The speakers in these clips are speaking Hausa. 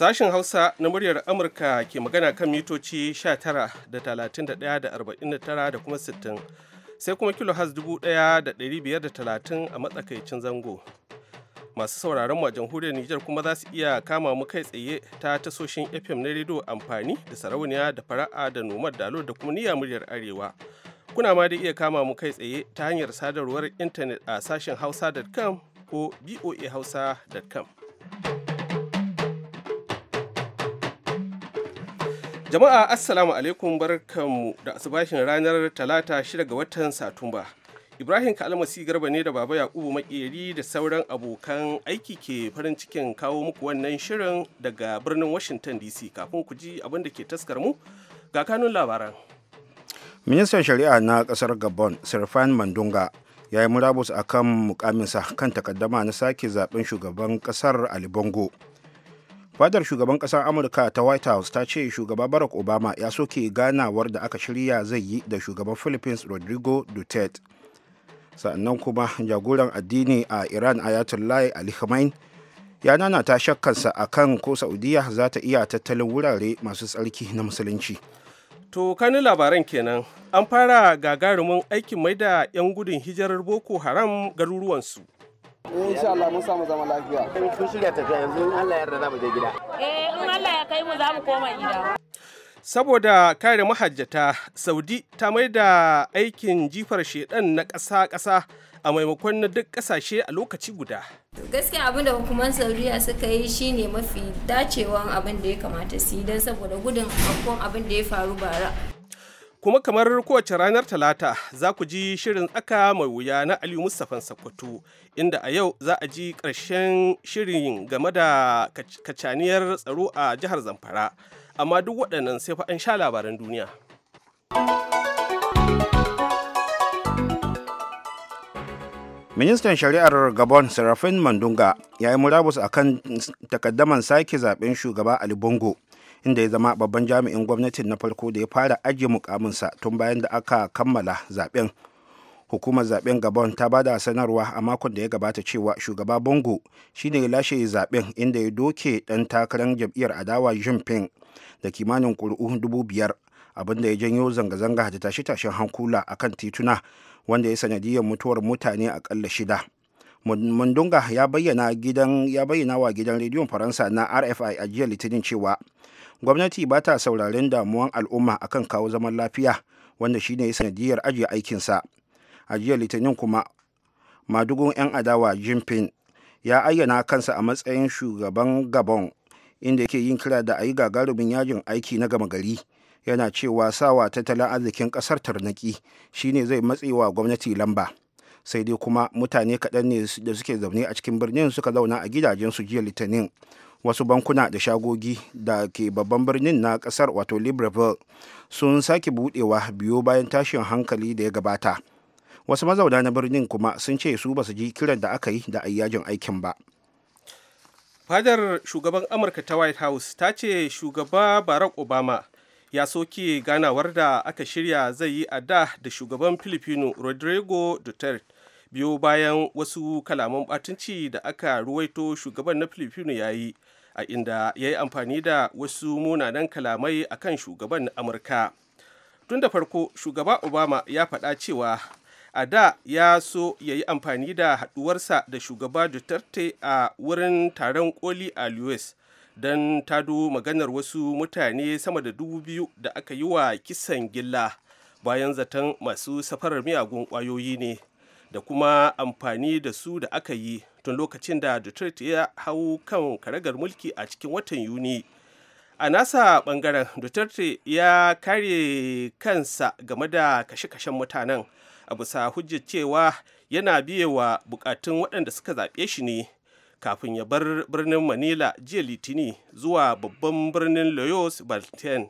Sashen Hausa na muryar Amurka ke magana kan mitoci 19 da 31 da 49 da kuma 60 sai kuma kilo has 1530 a matsakaicin zango. Masu sauraron mu a jamhuriyar Nijar kuma za su iya kama mu kai tsaye ta tasoshin FM na rediyo amfani da sarauniya da fara'a da nomar dalo da kuma niyya muryar arewa. Kuna ma da iya kama mu kai tsaye ta hanyar sadarwar intanet a sashen hausa.com ko boahausa.com. Jama'a Assalamu alaikum barkanmu da asubashin ranar talata shida ga watan Satumba. Ibrahim Kalmasi Garba ne da Baba Yakubu Makeri da sauran abokan aiki ke farin cikin kawo muku wannan shirin daga birnin Washington DC kafin ku ji abin da ke taskar mu ga kanun labaran. Ministan Shari'a na kasar Gabon, Sirfan Mandunga, ya yi murabus a kan mukaminsa kan takaddama na sake zaɓen shugaban ƙasar Ali Bongo. fadar shugaban kasar amurka ta white house ta ce shugaba barack obama ya soke ganawar da aka shirya zai yi da shugaban philippines rodrigo duterte sannan kuma jagoran addini a iran ayatollah ali khamenei ya nana nanata shakkarsa kan ko saudiya za ta iya tattalin wurare masu tsarki na musulunci to kani labaran kenan an fara gagarumin aikin mai da 'yan gudun hijirar boko haram garuruwansu insha Allah mun samu zama lafiya kun shirya tafiya yanzu Allah ya yarda za mu je gida eh in Allah ya kai mu za mu koma gida saboda kare mahajjata saudi ta mai da aikin jifar shedan na ƙasa-ƙasa a maimakon na duk ƙasashe a lokaci guda gaskiya abin da hukumar saudiya suka yi shine mafi dacewan abin da ya kamata su yi don saboda gudun abin da ya faru bara kuma kamar kowace ranar talata za ku ji shirin tsaka mai wuya na aliyu mustapha sakwato inda a yau za a ji ƙarshen shirin game da kacaniyar tsaro a jihar zamfara amma duk waɗannan sai fa an sha labaran duniya ministan shari'ar gabon serafin mandunga ya yi murabus akan takaddaman sake zaben shugaba ali bongo inda ya zama babban jami'in gwamnatin na farko da ya fara ajiye mukaminsa tun bayan da aka kammala zaben hukumar zaben gabon ta bada sanarwa a makon da ya gabata cewa shugaba bongo shine ya lashe zaben inda ya doke dan takarar jam'iyyar adawa jinping da kimanin kuri'u dubu biyar abinda ya janyo zanga-zanga da tashe-tashen hankula akan tituna wanda ya sanadiyar mutuwar mutane akalla shida mundunga ya bayyana gidan ya bayyana wa gidan rediyon faransa na rfi a jiya litinin cewa gwamnati ba ta sauraren damuwan al'umma akan kawo zaman lafiya wanda shine sanadiyar ajiye aikinsa a jiya litinin kuma madugun 'yan adawa jinping ya ayyana kansa a matsayin shugaban gabon inda yake yin kira da a yi gagarumin yajin aiki na gama gari yana cewa sawa tattalin arzikin ƙasar tarnaki shine zai matsewa gwamnati lamba sai dai kuma mutane kaɗan ne da suke zaune a cikin birnin suka zauna a gidajensu jiya litinin wasu bankuna da shagogi da ke babban birnin na ƙasar wato libreville sun sake buɗewa biyo bayan tashin hankali da ya gabata wasu mazauna na birnin kuma sun ce su basu ji kiran da aka yi da ayyajin aikin ba fadar shugaban amurka ta white house ta ce shugaba barack obama ya soke ganawar da aka shirya zai yi a da da shugaban filipino rodrigo duterte biyo bayan wasu kalaman batunci da aka ruwaito shugaban na filipino ya yi a inda ya yi amfani da wasu munanan kalamai a kan shugaban amurka tun da farko shugaba obama ya faɗa cewa a da ya so ya yi amfani da haduwarsa da shugaba duterte a wurin taron koli a lewis don tado maganar wasu mutane sama da dubu biyu da aka yi wa kisan gilla bayan zaton masu safarar miyagun ƙwayoyi ne da kuma amfani da su da aka yi tun lokacin da Duterte ya hau kan karagar mulki a cikin watan Yuni. A nasa bangaren Duterte ya kare kansa game da kashe-kashen mutanen a bisa hujjar cewa yana biye wa bukatun waɗanda suka zaɓe shi ne kafin ya bar birnin manila jiya litini zuwa babban birnin loyos baltan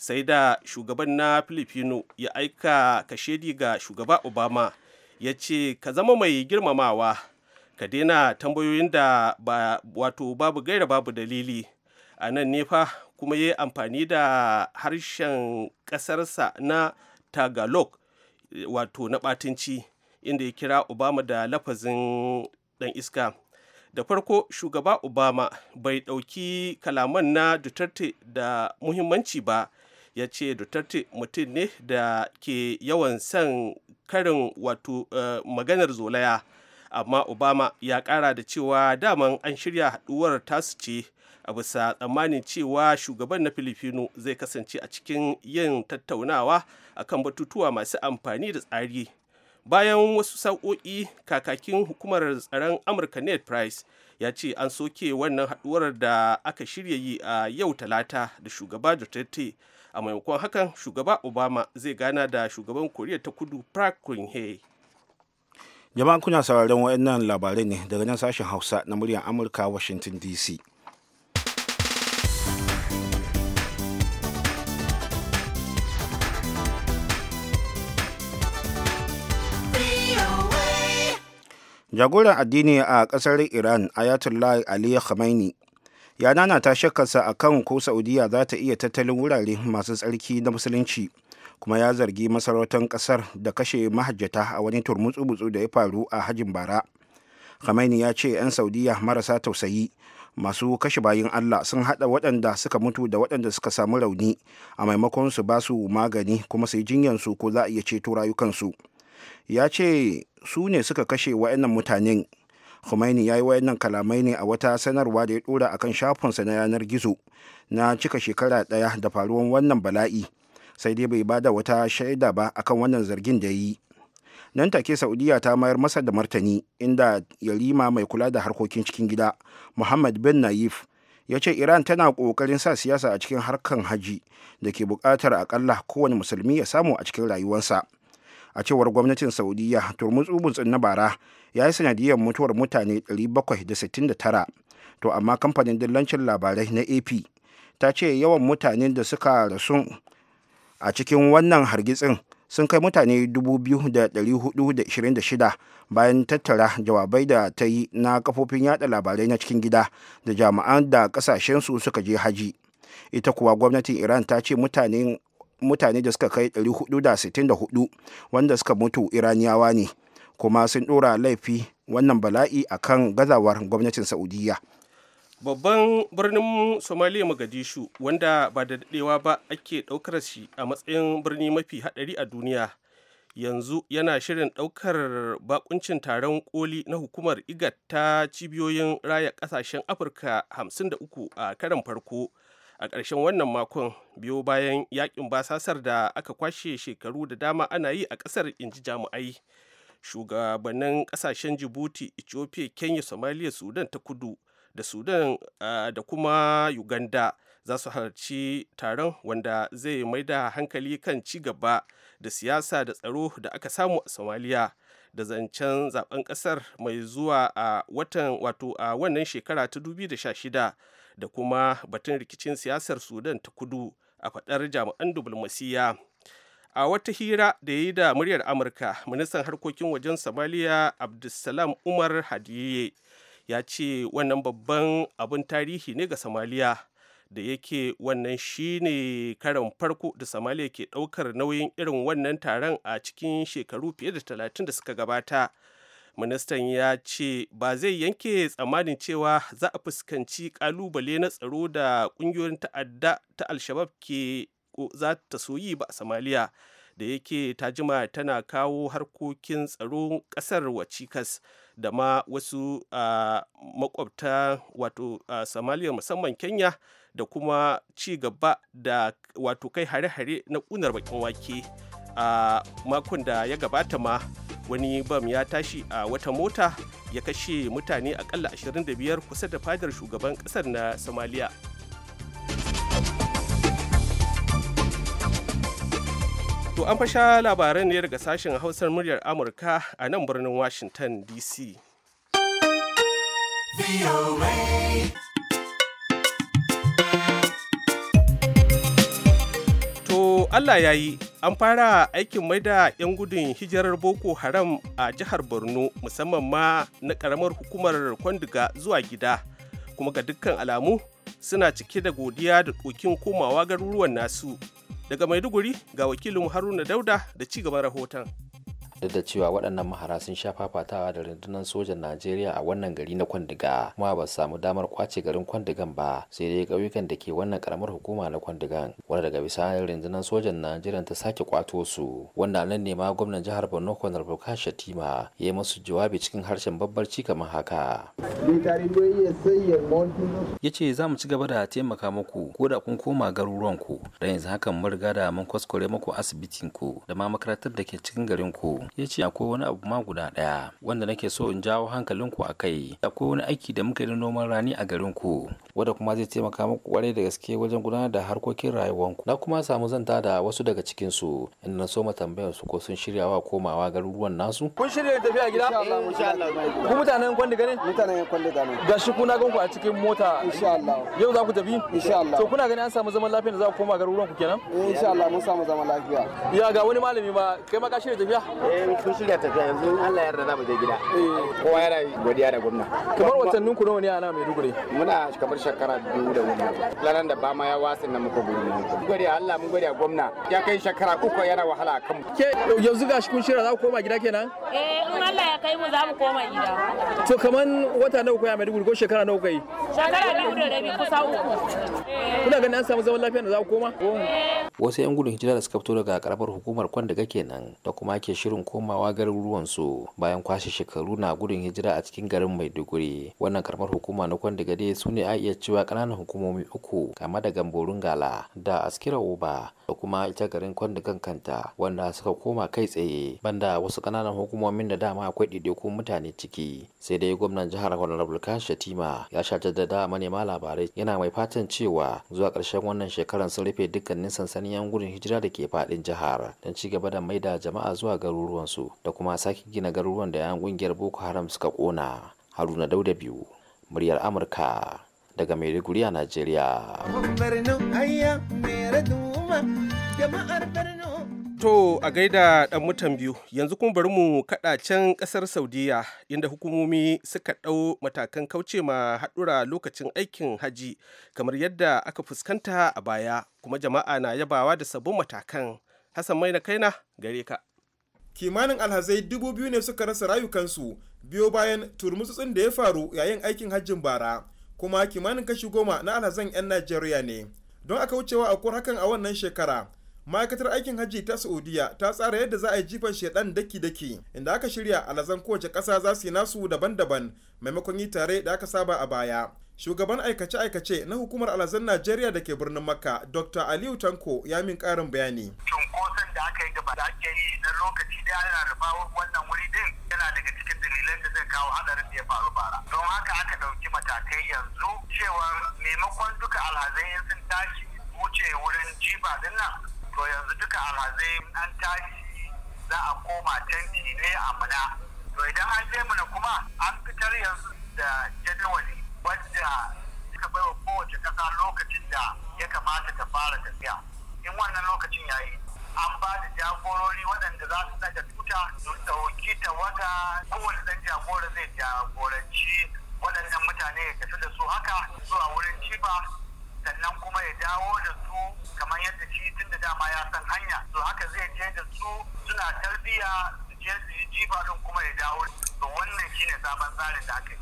sai da shugaban na filipino ya aika kashedi ga shugaba obama ya ce ka zama mai girmamawa ka daina tambayoyin da ba, wato babu gaira babu dalili a nan ne fa kuma ya amfani da harshen ƙasarsa na tagalog wato na ɓatanci inda ya kira obama da lafazin ɗan iska da farko shugaba obama bai dauki kalaman na duterte da muhimmanci ba ya ce duterte mutum ne da ke yawan son karin wato uh, maganar zolaya amma obama ya kara da cewa daman an shirya haɗuwar tasu ce a bisa tsammanin cewa shugaban na filifino zai kasance a cikin yin tattaunawa akan batutuwa masu amfani da tsari bayan wasu sa'o'i kakakin hukumar tsaron amurka ned price ya ce an soke wannan haduwar da aka shirya yi a yau talata da shugaba duterte a maimakon hakan shugaba obama zai gana da shugaban koriya ta kudu park geun-hye kuna sauraron labarai ne daga nan sashen hausa na muryar amurka washington dc jagoran addini a kasar iran ayatollah ali khamenei ya ta shakarsa a kan ko saudiya za ta iya tattalin wurare masu tsarki na musulunci kuma ya zargi masarautar kasar da kashe mahajjata a wani turmutsu-butsu da ya faru a hajin bara khamenei ya ce 'yan saudiya marasa tausayi masu kashe bayin allah sun hada waɗanda suka mutu da waɗanda suka samu rauni a maimakon su ba su magani kuma su yi jinyarsu ko za a iya ceto rayukansu ya ce su ne suka kashe wa'annan mutanen Khomeini ya yi wayannan kalamai ne a wata sanarwa da ya dora akan shafinsa na yanar gizo na cika shekara ɗaya da faruwan wannan bala'i sai dai bai bada wata shaida ba akan wannan zargin da yi nan take saudiya ta mayar masa da martani inda yarima mai kula da harkokin cikin gida muhammad bin naif ya ce iran tana kokarin sa siyasa a cikin harkan haji da ke buƙatar akalla kowane musulmi ya samu a cikin rayuwarsa a cewar gwamnatin saudiya turmutsu-mutsun na bara ya yi sanadiyar mutuwar mutane 769 to amma kamfanin dillancin labarai na ap ta ce yawan mutanen da suka rasu a cikin wannan hargitsin sun kai mutane 2,426 bayan tattara jawabai da ta yi na kafofin yada labarai na cikin gida da jami'an da kasashensu suka je haji ita kuwa gwamnatin iran ta ce mutanen. mutane da suka kai 464 wanda suka mutu iraniyawa ne kuma sun ɗora laifi wannan bala'i a kan gazawar gwamnatin saudiya babban birnin somaliya magadishu wanda ba da daɗewa ba ake ɗaukar shi a matsayin birni mafi haɗari a duniya yanzu yana shirin ɗaukar bakuncin taron koli na hukumar igat ta cibiyoyin raya ƙasashen afirka 53 a karan farko a ƙarshen wannan makon biyo bayan yakin basasar da aka kwashe shekaru da dama ana yi a ƙasar inji jami'ai shugabannin ƙasashen jibuti ethiopia kenya somalia sudan ta kudu da sudan da kuma uganda za su halarci taron wanda zai mai da hankali kan ci gaba da siyasa da tsaro da aka samu a somalia da zancen zaben kasar mai zuwa a watan wato a wannan shekara ta 2016 da kuma batun rikicin siyasar sudan ta kudu a faɗar jami'an dublamasiya a wata hira da ya yi da muryar amurka ministan harkokin wajen samaliya abdulsalam umar hadiye ya ce wannan babban abin tarihi ne ga samaliya da yake wannan shine karan farko da samaliya ke ɗaukar nauyin irin wannan taron a cikin shekaru fiye da talatin da suka gabata ministan ya ce ba zai yanke tsammanin cewa za a fuskanci kalubale na tsaro da kungiyoyin ta'adda ta alshabab ke za ta soyi ba a samaliya da yake ta jima tana kawo harkokin tsaro kasar wacikas da ma wasu makwabta wato samaliya musamman kenya da kuma ci gaba da wato kai hare-hare na kunar bakin wake a makon da ya gabata ma wani bam ya tashi a wata mota ya kashe mutane akalla 25 kusa da fadar shugaban kasar na somalia to an fasha labaran ne daga sashen hausar muryar amurka a nan birnin washington dc to allah ya yi an fara aikin maida 'yan gudun hijirar boko haram a jihar borno musamman ma na karamar hukumar kwanduga zuwa gida kuma ga dukkan alamu suna cike da godiya da dokin komawa garuruwan nasu daga maiduguri ga wakilin haruna dauda da ci gaban rahoton duk da cewa waɗannan mahara sun sha fafatawa da rundunar sojan najeriya a wannan gari na kwandiga kuma ba samu damar kwace garin kwandigan ba sai dai ƙauyukan da ke wannan karamar hukuma na kwandigan wanda daga bisani rundunar sojan najeriya ta sake kwato su wanda nan ne ma gwamnan jihar borno kwanar buka shatima ya yi masu jawabi cikin harshen babbarci kamar haka ya ce za mu ci gaba da taimaka muku ko da kun koma garuruwanku don yanzu hakan mun riga da mun kwaskware muku asibitin ku da ma makarantar da ke cikin garin ku ya ce akwai wani abu ma guda ɗaya wanda nake so in jawo hankalinku a kai akwai wani aiki da muka yi noman rani a garin ku wanda kuma zai taimaka muku kwarai da gaske wajen gudanar da harkokin rayuwanku na kuma samu zanta da wasu daga cikin su inda na so ma tambayar su ko sun shirya wa komawa garuruwan nasu kun shirya tafiya gida insha Allah allah. ku mutanen kwandiga ganin. mutanen kwandiga ganin. gashi kuna gan ku a cikin mota insha Allah yau za ku tafi insha Allah to kuna ganin an samu zaman lafiya da za ku koma garuruwan ku kenan insha Allah mun samu zaman lafiya ya ga wani malami ma kai ma ka shirya tafiya eh, eh shirya tafiya yanzu Allah ya yarda mu je gida eh. kowa yana godiya da gwamna kamar watannin ku nawa ne ana Maiduguri muna kamar shekara biyu da wani lanan da ba ma ya wasin na muka gudu gode Allah mun gode gwamna ya kai shekara uku yana wahala kan ke yanzu gashi kun shirya za ku koma gida kenan eh in Allah ya kai mu za mu koma gida to kamar wata nawa kuya Maiduguri ko shekara nawa kai shekara biyu da rabi kusa uku eh. kuna ganin an samu zaman lafiya da za ku koma eh. wasu 'yan gudun hijira da suka fito daga karamar hukumar kwan daga kenan da kuma ke shirin komawa su bayan kwashe shekaru na gudun hijira a cikin garin maiduguri wannan karamar hukuma na kwandigade su ne a iya cewa kananan hukumomi uku kama da gamborun gala da askira uba da kuma ita garin kwandigan kanta wanda suka koma kai tsaye banda wasu ƙananan hukumomin da dama akwai ɗaiɗaikun mutane ciki sai dai gwamnan jihar honorable kan shatima ya sha jaddada manema labarai yana mai fatan cewa zuwa karshen wannan shekarar sun rufe dukkanin sansanin yan gudun hijira da ke faɗin jihar don ci gaba da maida jama'a zuwa garuruwa garuruwansu da kuma sake gina garuruwan da 'yan kungiyar boko haram suka kona haruna dauda biyu muryar amurka daga maiduguri a najeriya To a gaida ɗan mutan biyu yanzu kuma bari mu kaɗa can ƙasar Saudiya inda hukumomi suka ɗau matakan kauce ma haɗura lokacin aikin haji kamar yadda aka fuskanta a baya kuma jama'a na yabawa da sabbin matakan. Hassan na Kaina gare ka. kimanin alhazai dubu biyu ne suka rasa rayukansu biyo bayan turmutsutsun da ya faru yayin aikin hajjin bara kuma kimanin kashi goma na alhazan 'yan najeriya ne don aka wucewa akwai hakan a wannan shekara ma'aikatar aikin hajji ta saudiya ta tsara yadda za a yi jifan shaidan daki-daki inda aka shirya alhazan kowace ƙasa za su yi nasu daban-daban maimakon yi tare da aka saba a baya shugaban aikace-aikace na hukumar alazan najeriya da ke birnin makka dr aliyu tanko ya min karin bayani cunkoson da aka yi gaba da ake yi na lokaci da yana rufawar wannan wuri din yana daga cikin dalilan da zai kawo hadarin da ya faru bara don haka aka ɗauki matakai yanzu cewa maimakon duka alhazai in sun tashi wuce wurin jiba din nan to yanzu duka alhazai an tashi za a koma tanti ne a muna to idan an je muna kuma an fitar yanzu da jadawali Wanda suka baiwa kowace kasa lokacin da ya kamata ta fara tafiya in wannan lokacin ya yi an ba da jagorori waɗanda za su daga tuta su ɗauki ta wata kowane ɗan jagora zai jagoranci waɗannan mutane ya tafi da su haka zuwa wurin ciba sannan kuma ya dawo da su kamar yadda shi tun da dama ya san hanya to haka zai je da su suna tarbiyya ya dawo wannan shine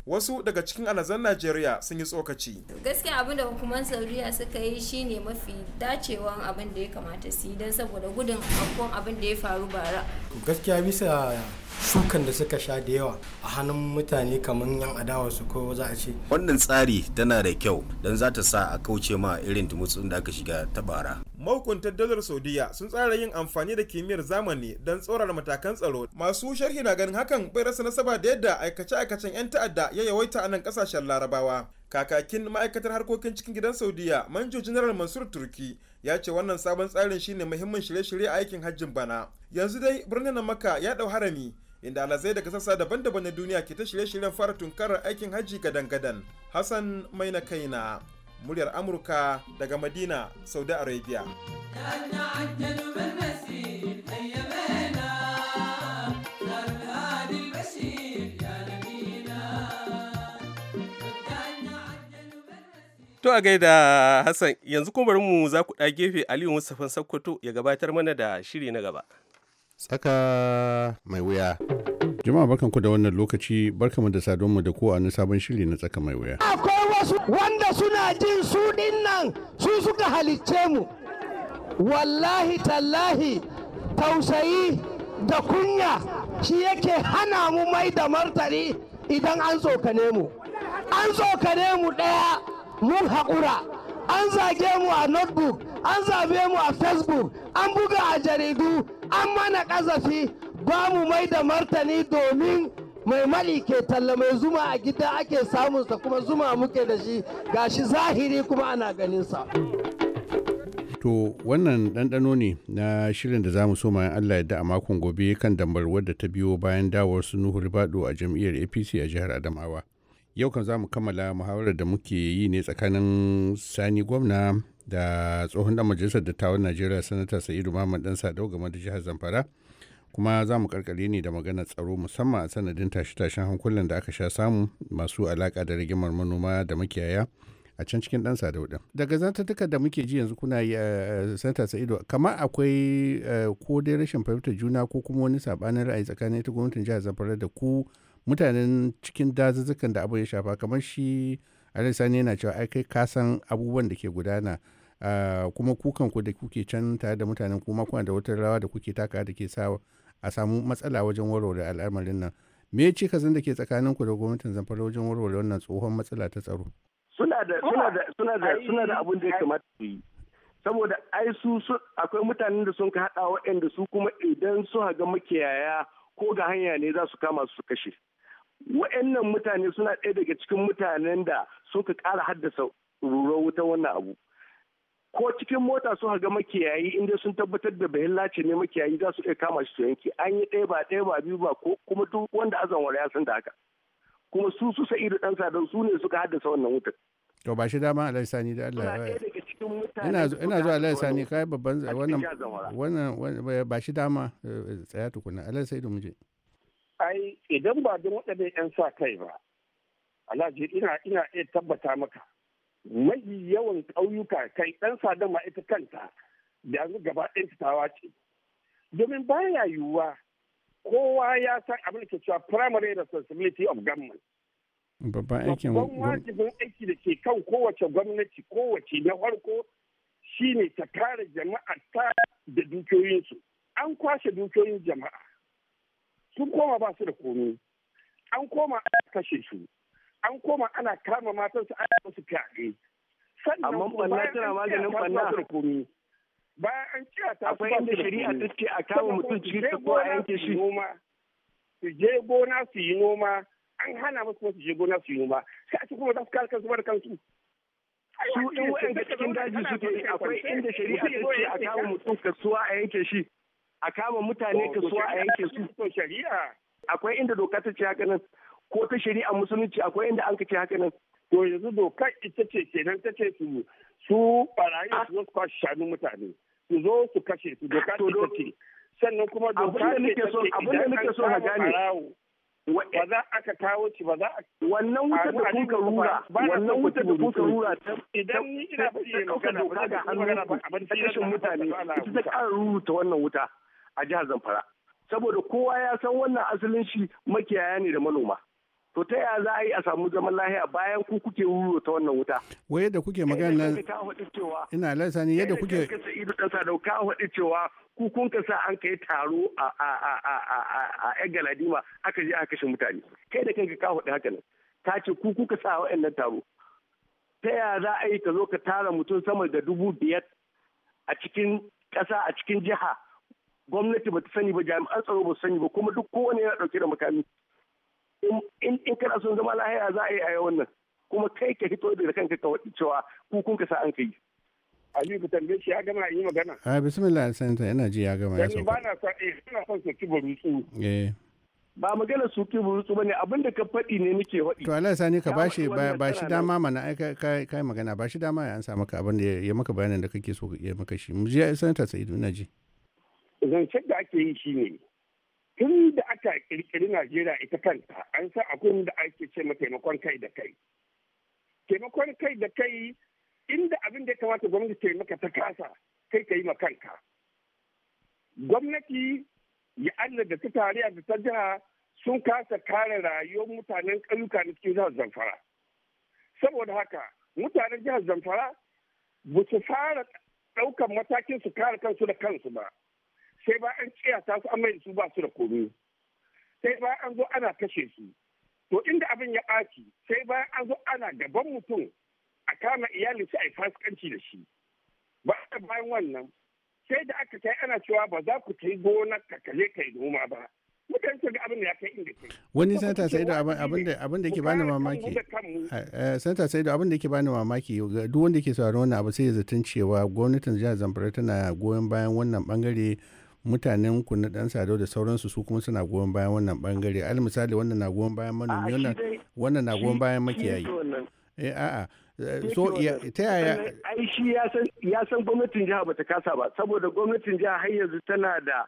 wasu daga cikin alazan Najeriya sun yi tsokaci gaskiya abin da hukumar Saudiya suka yi shine mafi dacewan abin da ya kamata su yi don saboda gudun akwai abin da ya faru bara gaskiya bisa sukan da suka sha da yawa a hannun mutane kamar yan adawa su ko za a ce wannan tsari tana da kyau don za ta sa a kauce ma irin tumutsun da aka shiga ta bara mahukuntar dalar saudiya sun tsara yin amfani da kimiyyar zamani don tsorar matakan tsaro masu sharhi na ganin hakan bai rasa nasaba da yadda aikace-aikacen 'yan ta'adda ya yawaita a nan kasashen larabawa kakakin ma'aikatar harkokin cikin gidan saudiya manjo general mansur turki ya ce wannan sabon tsarin shine muhimmin shirye-shirye a aikin hajjin bana yanzu dai birnin makka ya dau harami inda alazai daga sassa daban-daban na duniya ke ta shirye-shiryen fara tunkarar aikin hajji gadan-gadan hassan mai na kaina muryar amurka daga madina saudi arabia To a gaida Hassan yanzu kuma bari mu za ku ɗa gefe Aliyu Mustapha Sokoto ya gabatar mana da shiri na gaba. Tsaka mai wuya. Jama'a barkanku da wannan lokaci barkanmu da saduwa da ko a sabon shiri na tsaka mai wuya. wasu wanda suna jin su nan su suka halicce mu wallahi tallahi tausayi da kunya shi yake hana mu mai da martani idan an tsokane mu an tsokane mu ɗaya mun haƙura an zage mu a notebook an zabe mu a facebook an buga a jaridu an mana ƙazafi ba mu mai da martani domin mai mali ke talla mai zuma a gida ake samunsa kuma zuma muke da shi gashi zahiri kuma ana ganinsa. To wannan ɗanɗano ne na shirin da za mu so mayan Allah yadda a makon gobe kan dambar wadda ta biyo bayan dawar su Nuhu Ribado a jam'iyyar APC a jihar Adamawa. Yau kan za mu kammala muhawarar da muke yi ne tsakanin Sani Gwamna da tsohon dan majalisar dattawan Najeriya Sanata Sa'idu Muhammad Dan Sadau game da jihar Zamfara. kuma za mu karkare ne da magana tsaro musamman a sanadin tashe-tashen hankulan da aka sha samu masu alaka da rigimar manoma da makiyaya a can cikin dan sadauda daga duka da muke ji yanzu kuna yi a eh, eh, santa sa'ido kamar akwai eh, ko dai rashin fahimtar juna ko kuma wani sabanin ra'ayi tsakanin ita gwamnatin jihar zamfara da ku mutanen cikin dazuzzukan da abu ya shafa kamar shi alisani yana cewa ai kai kasan abubuwan da ke gudana ah, kuma kukan ku da kuke can tare da mutanen kuma kuna da wata rawa da kuke taka da ke sawa a samu matsala wajen warware al'amarin nan me ce cikazin da ke tsakanin ku da gwamnatin zamfara wajen warware wannan tsohon matsala ta tsaro suna da suna da suna da ya kamata su yi saboda ai su akwai mutanen da sun ka hada waɗanda su kuma idan su ga makiyaya ko ga hanya ne za su kama su kashe waɗannan mutane suna ɗaya daga cikin mutanen da suka ƙara haddasa ruruwar wuta wannan abu ko cikin mota su ga makiyayi inda sun tabbatar da bayan lace ne makiyayi za su iya kama shi su an yi ɗaya ba ɗaya ba biyu ba ko kuma duk wanda azan wara ya san da haka kuma su su sa ido ɗansa don su ne suka haddasa wannan wutar. to ba shi dama alai sani da Allah ina zuwa alai sani kai babban wannan wannan ba shi dama eh, tsaya tukuna alai sai da muje. ai idan ba don waɗannan 'yan sa kai ba alhaji ina ina iya tabbata maka mafi yawan ƙauyuka kai ɗan sada ma ita kanta da yanzu gaba ɗaya tawa ce domin baya yiwuwa kowa ya san abin da ke cewa primary responsibility of government babban aikin wajibin aiki da ke kan kowace gwamnati kowace na farko shine ta kare jama'a ta da dukiyoyinsu an kwashe dukiyoyin jama'a sun koma ba su da komi an koma kashe su an koma ana kama su ana musu fyaɗe. Amma banna tana maganin banna. Bayan an ciya ta akwai inda shari'a ta ce a kama mutum ta ko a yanke shi. Su je gona su yi noma an hana musu su je gona su yi noma sai a ci kuma za su kare kansu da kansu. Su ɗin wa'anda cikin daji ke akwai inda shari'a ta ce a kama mutum kasuwa a yanke shi. A kama mutane kasuwa a yanke su. Akwai inda doka ta ce haka nan. ko ta shari'a musulunci akwai inda an ce haka nan to yanzu dokar ita ce kenan ta ce su su barayi su zo su kwashe shanun mutane su zo su kashe su doka ita ce sannan kuma doka ce ta ce idan an kama ba za aka kawo ci ba za a wannan wuta da kuka rura wannan wuta da kuka rura idan ni ina fadi magana ba za a magana ba abin kashin mutane ita ta kara rubuta wannan wuta a jihar Zamfara saboda kowa ya san wannan asalin shi makiyaya ne da manoma to ta yaya za a yi a samu zaman lahiya bayan ku kuke wuro ta wannan wuta waye da kuke magana eh, ina lasani yadda eh, kuke ka ido dan sa dauka hadi cewa ku kun ka sa an kai taro a a a a a galadima aka je aka kashe mutane kai da kanka ka hadi haka nan ta ce ku kuka sa wa'annan taro ta yaya za a yi ka zo ka tara mutum sama da dubu biyar a cikin ƙasa a cikin jiha gwamnati ba ta sani ba jami'an tsaro ba su sani ba kuma duk kowane yana ɗauke da makami in kana son zama lahiya za a yi a yi wannan kuma kai ka fito da kanka ka waɗi cewa ku kun ka sa an kai Aliyu ku tambaye shi ya gama a yi magana. A bismillah santa yana ji ya gama ya sauka. Ba na son eh ina son su ci burutsu. Eh. Ba magana su ci burutsu bane da ka faɗi ne nake faɗi. To Allah sani ka bashi ba shi dama mana ai kai magana ba shi dama ya ansa maka abinda da ya maka bayanin da kake so ya maka shi. Mu ji santa Sa'idu ina ji. Zancen da ake yi shi ne. tun da aka kirkiri najeriya ita kanta an sa akwai da ake ce taimakon kai da kai taimakon kai da kai inda abin da ya kamata gwamnati ta maka ta kasa kai ka yi ma kanka gwamnati ya allah da ta tarayya da ta jiha sun kasa kare rayuwar mutanen ƙauyuka na cikin jihar zamfara saboda haka mutanen jihar zamfara ba su fara ɗaukan matakin su kare kansu da kansu ba sai ba an tsiyata su amma su ba su da komai sai ba an zo ana kashe su to inda abin ya ɓaci sai bayan an zo ana gaban mutum a kama iyalin su a yi fasikanci da shi ba bayan wannan sai da aka kai ana cewa ba za ku ta yi gonar ka kaje ka yi noma ba mutane su ga abin da ya kai inda kai wani sanata sai da abin da ke bani mamaki sanata sai da eh, eh, abin da ke bani mamaki ga duk wanda ke sauraron wannan abu sai ya zaton cewa gwamnatin jihar zamfara tana goyon bayan wannan bangare mutanen ku na dan sadau da sauransu su kuma suna goyon bayan wannan bangare al misali wannan na goyon bayan manomi wannan wannan na goyon bayan makiyayi eh a'a so ta yaya ai shi ya san gwamnatin jiha bata kasa ba saboda gwamnatin jiha har yanzu tana da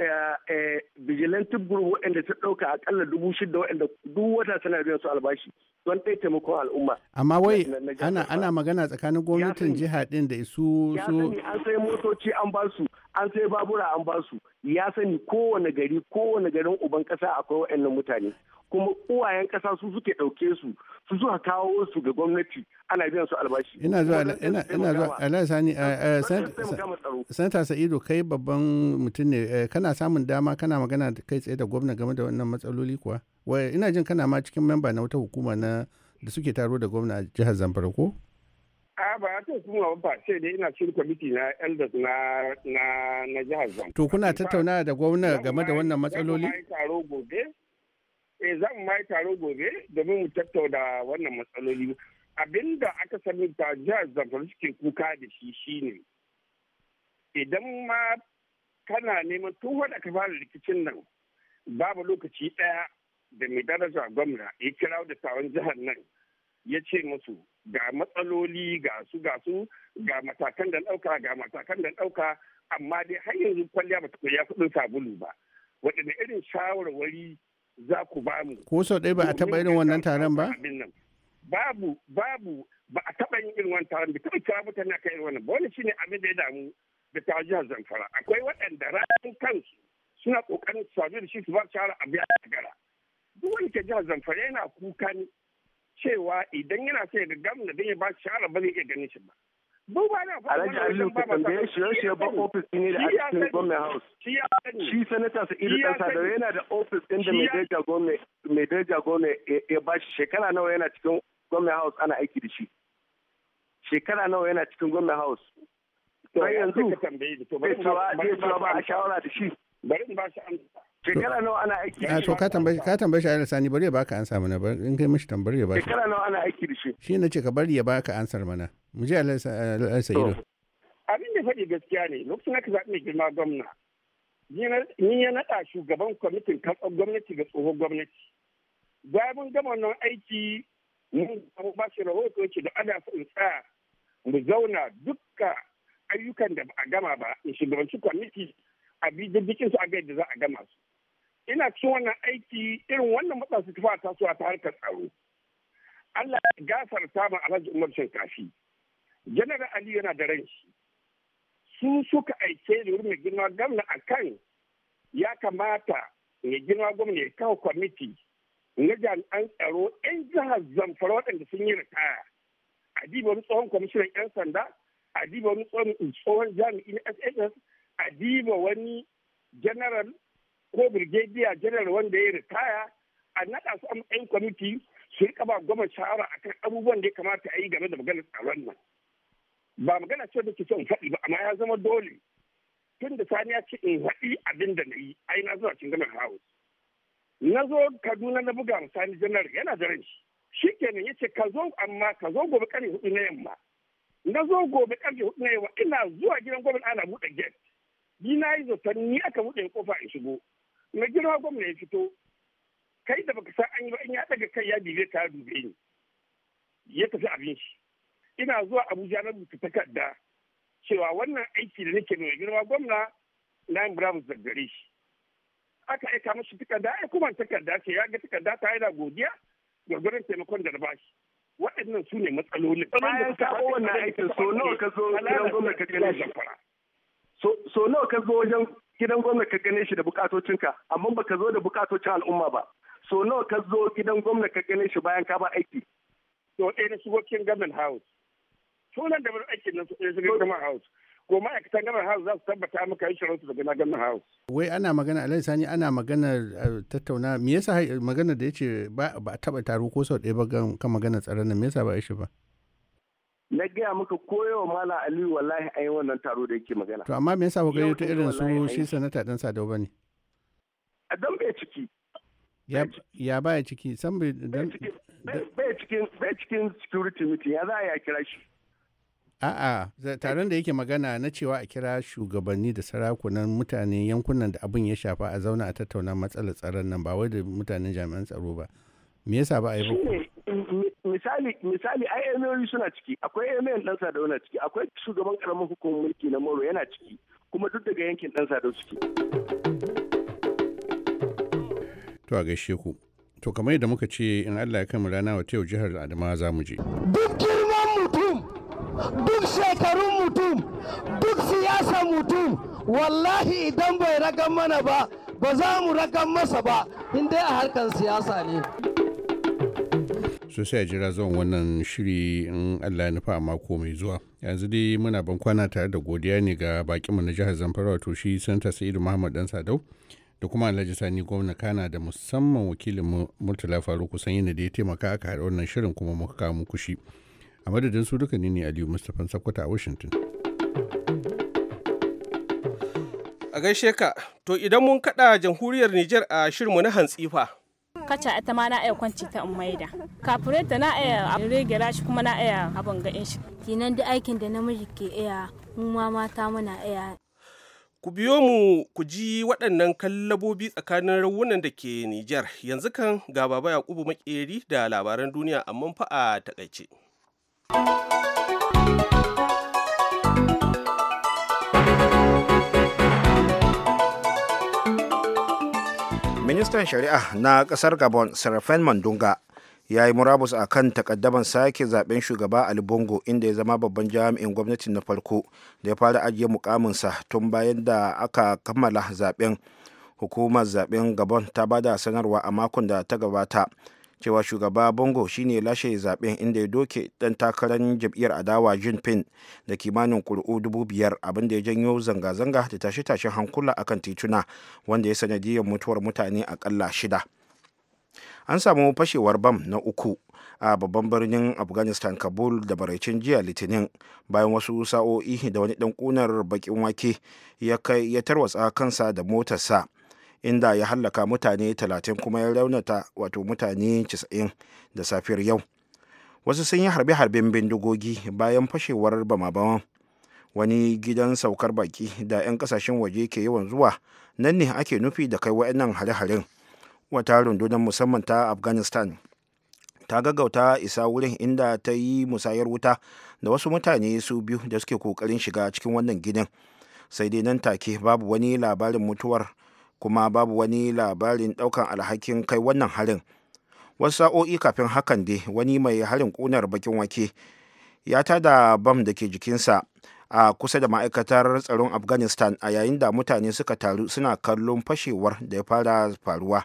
Eh, vigilante group waɗanda ta ɗauka akalla dubu shida waɗanda duk wata tana biyan su albashi don ɗaya taimakon al'umma. Amma wai ana magana tsakanin gwamnatin jiha ɗin da su su. an sai motoci an ba su an sai babura an ba su ya sani kowane gari kowane garin uban ƙasa akwai waɗannan mutane. kuma uwayen kasa su suke dauke su su zuwa kawo su ga gwamnati ana biyan su albashi ina zuwa ina zuwa Allah sani eh, eh, senator sa'ido kai babban mutum ne eh, kana samun dama kana magana kai tsaye da gwamna game da wannan matsaloli kuwa ina jin kana ma cikin memba na wata hukuma na da suke taro da gwamna a jihar zamfara ko a ba tun hukuma ba sai dai ina cikin kwamiti na elders na na na jihar zamfara to kuna tattaunawa da gwamna game da wannan matsaloli gobe eh za mu mai taro gobe domin mu tattauna wannan matsaloli abinda aka sani ta jihar zamfara suke kuka da shi shine idan ma kana neman tun wanda ka fara rikicin nan babu lokaci ɗaya da mai daraja gwamna ya kira da tawon jihar nan ya ce musu ga matsaloli ga su ga su ga matakan da ɗauka ga matakan da ɗauka amma dai har yanzu kwalliya ba ta koya kuɗin sabulu ba waɗanne irin shawarwari za ku ba mu. Ko sau ɗaya ba a taɓa irin wannan taron ba? Babu, babu, ba a taɓa yin irin wannan taron, ba taɓa kira mutane akan irin wannan ba. Wani shine abin da ya damu da ta jihar Zamfara. Akwai waɗanda ranar kansu suna ƙoƙarin su sami da shi su ba shara a biya gara. Duk wani ke jihar Zamfara yana kukan cewa idan yana son ya ga gamna don ya ba shara ba zai iya ganin shi ba. Alhaji Aliyu ka tambaye shi ya shiga ban ofis ɗin ne da a cikin gwamnan house. Shi sanata su iri ɗan sadar yana da ofis ɗin da mai daraja gwamna ya ba shi shekara nawa yana cikin gwamnan house ana aiki da shi. Shekara nawa yana cikin gwamnan house. Sai yanzu bai tuwa ba a shawara da shi. Bari in ba shi amsa. shekara nawa ana aiki da shi ka tambaye ka a shi sani bari ya baka ansa mana ba in kai mishi tambayar ya baka shekara nawa ana aiki da shi shi na ce ka bari ya baka ansar mana mu je alal sa'ido abin da faɗi gaskiya ne lokacin aka zaɓi mai girma gwamna ni ya naɗa shugaban kwamitin kasar gwamnati ga tsohon gwamnati bayan mun gama wannan aiki mun samu ba shi rahoto ce da ana in tsaya mu zauna dukka ayyukan da ba a gama ba in shugabanci kwamiti a bi duk su a gaida za a gama su ina cikin wannan aiki irin wannan matsa su tufa ta ta harkar tsaro Allah ya gafarta ma Alhaji Umar Shinkafi Janar Ali yana da ran shi su suka aike ni wurin mai girma gwamna akan ya kamata mai girma gwamna ya kawo kwamiti na jami'an tsaro 'yan jihar Zamfara waɗanda sun yi ritaya diba wani tsohon kwamishinan 'yan sanda diba wani tsohon jami'in sss adiba wani general ko birgediya janar wanda ya ritaya a naɗa su a kwamiti su rika ba goma shawara akan abubuwan da ya kamata a yi game da maganar tsaron nan ba magana ce da ke son faɗi ba amma ya zama dole tun da sani ya ce in faɗi abin da na yi ai na zuwa cin gamar house na zo kaduna na buga sani janar yana da ran shi shi kenan ya ce ka zo amma ka zo gobe ƙarfe hudu na yamma na zo gobe ƙarfe hudu na yamma ina zuwa gidan gwamnati ana buɗe gate ni na yi zaton ni aka buɗe kofa in shigo na girma gwamna ya fito kai da baka san an yi ba in ya daga kai ya dube ka dube ni ya tafi abin shi ina zuwa abuja na rubuta takarda cewa wannan aiki da nake mai girma gwamna na yin bravo gare shi aka aika mashi takarda ya kuma takarda ce ya ga takarda ta yi da godiya gwargwaron taimakon da na shi waɗannan su ne matsalolin. Bayan ka wannan aikin so nawa ka zo gidan gwamna ka gane shi. So nawa ka zo wajen gidan gwamna ka gane shi da bukatocinka amma baka zo da bukatocin al'umma ba so nawa ka zo gidan gwamna ka gane shi bayan ka ba aiki to ɗaya eh, na shigo government house sunan da aikin nan su ɗaya eh, su government house ko ma'aikatan government house za su tabbata maka su daga na government house wai ana magana alai sani ana magana eh, tattauna me yasa magana da yace ba ba taba taro ko sau ɗaya ba kan magana tsaron nan me yasa ba shi ba na gaya muka koyawa mala aliyu wallahi an yi wannan taro da yake magana to amma me yasa gani ta irin su shi sanata dan sadau ne. a dan bai ciki ya baya ciki san bai bai cikin bai cikin security meeting ya za a ya kira shi a'a taron da yake magana na cewa a kira shugabanni da sarakunan mutane yankunan da abin ya shafa a zauna a tattauna matsalar tsaron nan ba wai da mutanen jami'an tsaro ba me yasa ba a yi ba misali misali ai e suna ciki akwai emir dan sadau na ciki akwai shugaban karamin hukumar mulki na moro yana ciki kuma duk daga yankin dan sadau ciki to a gaishe ku to kamar yadda muka ce in Allah ya mu rana wa yau jihar Adamawa za mu je duk girman mutum duk shekarun mutum duk siyasa mutum wallahi idan bai ragan mana ba ba za mu ragan masa ba in dai a harkar siyasa ne sosai a jira zuwan wannan shiri in allah ya nufa a mako mai zuwa yanzu dai muna ban kwana tare da godiya ne ga bakinmu na jihar zamfara wato shi santa sa'idu muhammad dan sadau da kuma alhaji sani gwamna kana da musamman wakilin murtala faruku yana da ya taimaka aka haɗa wannan shirin kuma muka kawo muku shi a madadin su duka ne aliyu mustapha sakwata a washington a gaishe ka to idan mun kaɗa jamhuriyar niger a shirinmu na hantsifa. kaca ita ma na iya kwanci ta in maida kafureta na iya rege shi kuma na iya abin ga shi kinan duk aikin da namiji ke iya mu ma mata muna iya ku biyo mu ku ji waɗannan kallabobi tsakanin rawunan da ke Nijar yanzu kan ga baba Yakubu makeri da labaran duniya amma fa a takaice. ministan shari'a na kasar gabon serafin mandunga ya yi murabus a kan takaddaban sake zaben shugaba ali bongo inda ya zama babban jami'in gwamnati na farko da ya fara ajiye mukaminsa tun bayan da aka kammala zaben hukumar zaben gabon ta bada sanarwa a makon da ta gabata cewa shugaba bongo shine lashe zaben inda ya doke dan takarar jam'iyyar adawa jinping da kimanin kuri'u dubu biyar abinda ya janyo zanga-zanga da tashe-tashen hankula akan tituna wanda ya sanadiyar mutuwar mutane akalla shida an samu fashewar bam na uku a babban birnin afghanistan kabul da baraicin jiya litinin bayan wasu sa'o'i da wani dan kunar bakin wake ya tarwatsa kansa da motarsa inda ya hallaka mutane 30 kuma ya raunata wato mutane 90 da safiyar yau wasu sun yi harbe-harben bindigogi bayan fashewar bama wani gidan saukar baki da 'yan kasashen waje ke yawan zuwa nan ne ake nufi da kai wa'annan hare-haren wata rundunar musamman ta afghanistan ta gaggauta isa wurin inda ta yi musayar wuta da wasu mutane su biyu da suke kokarin shiga cikin wannan gidan sai dai nan take babu wani labarin mutuwar kuma babu wani labarin daukan alhakin kai wannan harin wasu sa'o'i kafin hakan dai wani mai harin kunar bakin wake ya tada bam da ke jikinsa a kusa da ma'aikatar tsaron afghanistan a yayin da mutane suka taru suna kallon fashewar da ya fara faruwa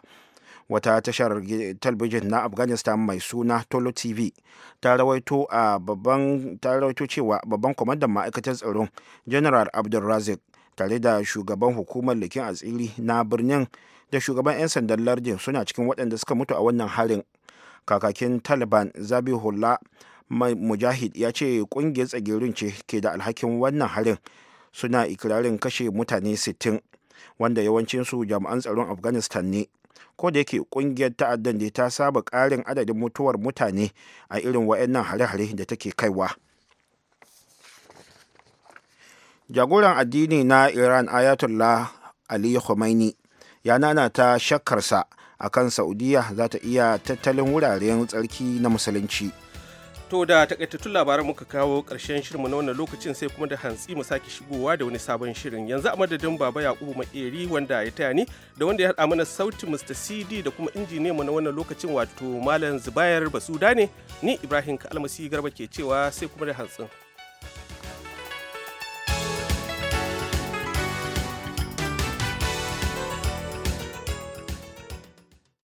wata tashar talbijin na afghanistan mai suna tolo tv ta rawaito a babban ta rawaito cewa babban kwamandan ma'aikatar tsaron general abdulrazik tare da shugaban hukumar likin asiri na birnin da shugaban 'yan sandan lardin suna cikin waɗanda suka mutu a wannan harin kakakin taliban zabi zabihullah mujahid ya ce ƙungiyar tsagerin ce ke da alhakin wannan harin suna ikirarin kashe mutane 60 wanda yawancinsu jami'an tsaron afghanistan ne ko da yake ƙungiyar ta'addan da ta saba ƙarin adadin mutuwar mutane a irin wa'annan hare-hare da take kaiwa. jagoran addini na iran ayatollah ali khomeini ya ta shakkarsa akan saudiya za ta iya tattalin wuraren tsarki na musulunci to da takaitattun labaran muka kawo karshen shirin na wannan lokacin sai kuma da hantsi mu sake shigowa da wani sabon shirin yanzu a madadin baba yakubu ma'eri wanda ya taya ni da wanda ya haɗa mana sauti mr cd da kuma mu na wannan lokacin wato malam zubayar basuda ne ni ibrahim kalmasi garba ke cewa sai kuma da hantsin